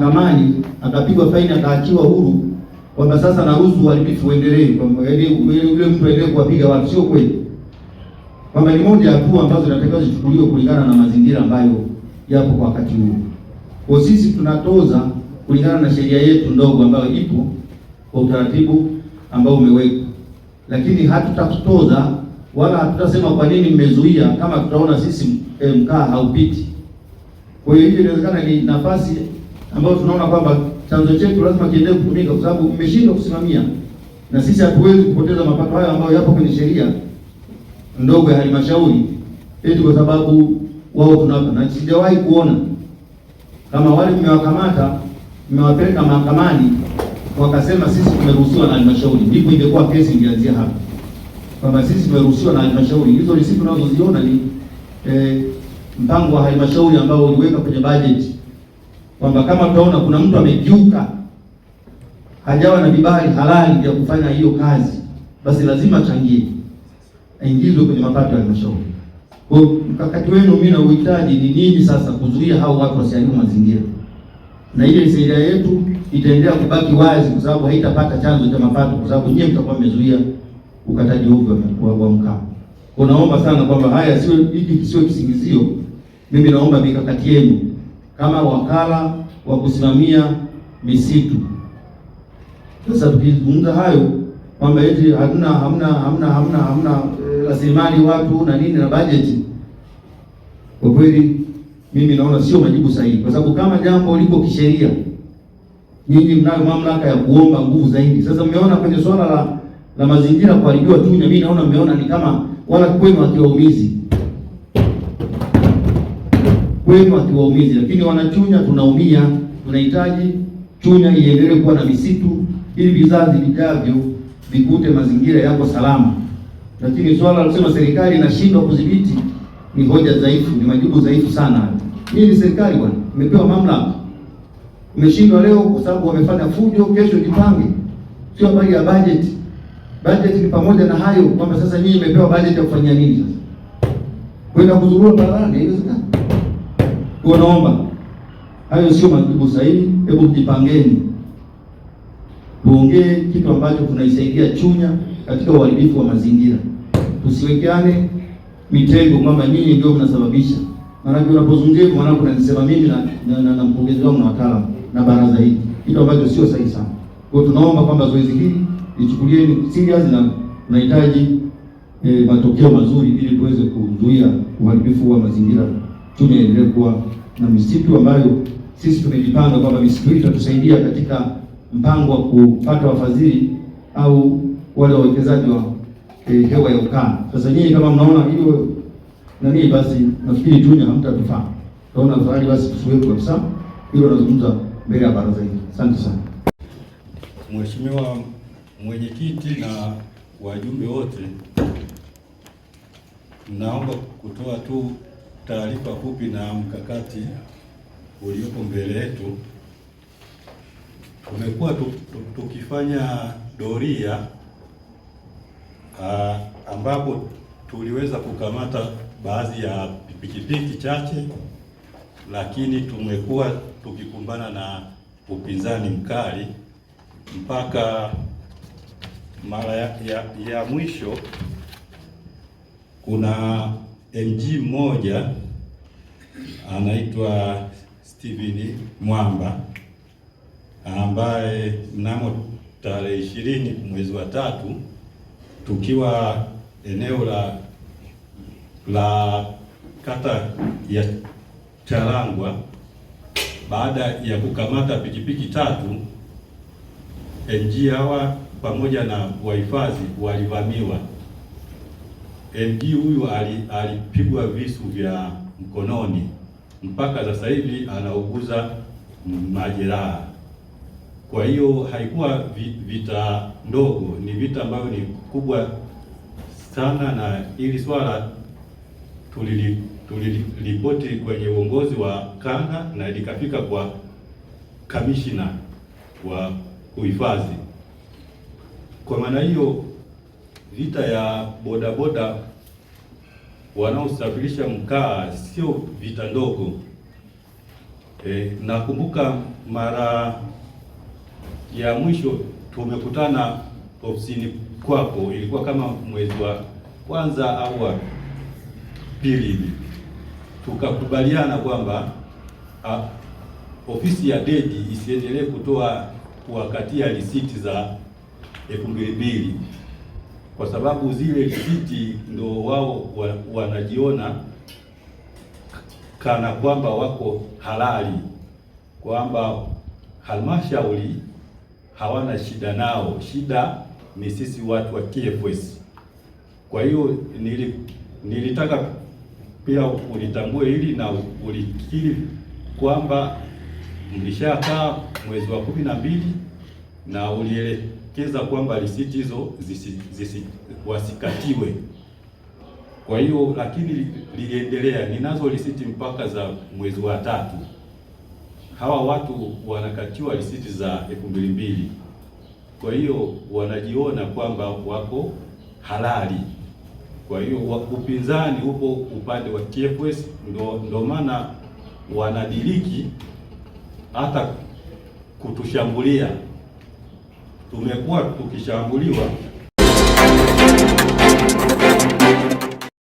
mahakamani, akapigwa faini, akaachiwa huru, kwamba sasa naruhusu uhalifu uendelee, kwamba yule mtu aendelee kuwapiga watu. Sio kweli, kwamba ni moja ya hatua ambazo inatakiwa zichukuliwe kulingana na mazingira ambayo yapo kwa wakati huo. Kwa sisi tunatoza kulingana na sheria yetu ndogo ambayo ipo kwa utaratibu ambao umewekwa, lakini hatutakutoza wala hatutasema kwa nini mmezuia, kama tutaona sisi eh, mkaa haupiti. Kwa hiyo hiyo inawezekana ni nafasi ambao tunaona kwamba chanzo chetu lazima kiendelee kutumika, kwa sababu mmeshindwa kusimamia, na sisi hatuwezi kupoteza mapato hayo ambayo yapo kwenye sheria ndogo ya halmashauri eti kwa sababu wao tunapa, na sijawahi kuona kama wale mmewakamata mmewapeleka mahakamani wakasema sisi tumeruhusiwa na halmashauri. Ndipo ingekuwa kesi ingeanzia hapa kwamba sisi tumeruhusiwa na halmashauri. Hizo risiti tunazoziona ni eh, mpango wa halmashauri ambao uliweka kwenye bajeti kwamba kama utaona kuna mtu amejiuka hajawa na vibali halali vya kufanya hiyo kazi, basi lazima changie aingizwe kwenye mapato ya halmashauri. Kwa mkakati wenu mimi na uhitaji ni nini sasa? Kuzuia hao watu wasiharibu mazingira, na ile sheria yetu itaendelea kubaki wazi, kwa sababu haitapata chanzo cha mapato, kwa sababu nyinyi mtakuwa mmezuia ukataji ovyo wa, wa Kwa naomba sana kwamba haya sio hiki, kisio kisingizio. Mimi naomba mikakati yenu kama wakala wa kusimamia misitu. Sasa tukizungumza hayo kwamba eti hatuna hamna hamna hamna hamna eh, rasilimali watu na nini na bajeti, kwa kweli mimi naona sio majibu sahihi, kwa sababu kama jambo liko kisheria, nyinyi mnayo mamlaka ya kuomba nguvu zaidi. Sasa mmeona kwenye swala la la mazingira kuharibiwa Chunya, mimi naona mmeona ni kama wala kwenu akiwaumizi kwenu akiwaumizi, lakini wanachunya tunaumia. Tunahitaji Chunya iendelee kuwa na misitu ili vizazi vijavyo vikute mazingira yako salama. Lakini swala la serikali inashindwa kudhibiti ni hoja dhaifu, ni majibu dhaifu sana. Hii ni serikali bwana, imepewa mamlaka, umeshindwa leo kwa sababu wamefanya fujo, kesho jipange. Sio habari ya budget. Budget ni pamoja na hayo kwamba sasa nyinyi imepewa budget ya kufanya nini sasa? Kwenda kuzurura barabarani, haiwezekani. Kwa naomba hayo sio majibu sahihi. Hebu jipangeni tuongee kitu ambacho tunaisaidia Chunya katika uharibifu wa mazingira. Tusiwekeane mitego kwamba nyinyi ndio mnasababisha, maanake unapozungumzia maana mwanangu mimi na mpongezi wangu na wataalamu na baraza hili, kitu ambacho sio sahihi sana. Kwa tunaomba kwamba zoezi hili lichukulieni serious na tunahitaji eh, matokeo mazuri ili tuweze kuzuia uharibifu wa mazingira Chunya endelee kuwa na misitu ambayo sisi tumejipanga kwamba misitu hii itatusaidia katika mpango wa kupata wafadhili au wale wawekezaji wa e, hewa ya ukaa. Sasa nyinyi kama mnaona hiyo nani, basi nafikiri Chunya hamtatufaa, tunaona afadhali basi tusiwepo kabisa. Hilo nazungumza mbele ya baraza hili. Asante sana Mheshimiwa mwenyekiti na wajumbe wote, naomba kutoa tu taarifa fupi na mkakati uliopo mbele yetu. Tumekuwa tukifanya doria ah, ambapo tuliweza kukamata baadhi ya pikipiki chache, lakini tumekuwa tukikumbana na upinzani mkali mpaka mara ya, ya, ya mwisho kuna MG mmoja anaitwa Steven Mwamba ambaye mnamo tarehe ishirini mwezi wa tatu tukiwa eneo la la kata ya Charangwa baada ya kukamata pikipiki tatu NG hawa pamoja na wahifadhi walivamiwa. NG huyu alipigwa visu vya mkononi mpaka sasa hivi anauguza majeraha. Kwa hiyo haikuwa vita ndogo, ni vita ambavyo ni kubwa sana, na ili swala tuliripoti kwenye uongozi wa kanda na likafika kwa kamishina wa uhifadhi. Kwa maana hiyo vita ya bodaboda wanaosafirisha mkaa sio vita ndogo. E, nakumbuka mara ya mwisho tumekutana ofisini kwako ilikuwa kama mwezi wa kwanza au wa pili hivi, tukakubaliana kwamba ofisi ya DEDI isiendelee kutoa kuwakatia risiti za elfu mbili mbili kwa sababu zile siti ndo wao wanajiona kana kwamba wako halali, kwamba halmashauri hawana shida nao, shida ni sisi watu wa TFS. Kwa hiyo nili, nilitaka pia ulitambue hili na ulikiri kwamba mlishakaa mwezi wa kumi na mbili na ulielekeza kwamba risiti hizo wasikatiwe. Kwa hiyo lakini liliendelea, ninazo risiti mpaka za mwezi wa tatu. Hawa watu wanakatiwa risiti za elfu mbili mbili. Kwa hiyo wanajiona kwamba wako halali. Kwa hiyo upinzani upo upande wa TFS, ndo ndo maana wanadiriki hata kutushambulia tumekuwa tukishambuliwa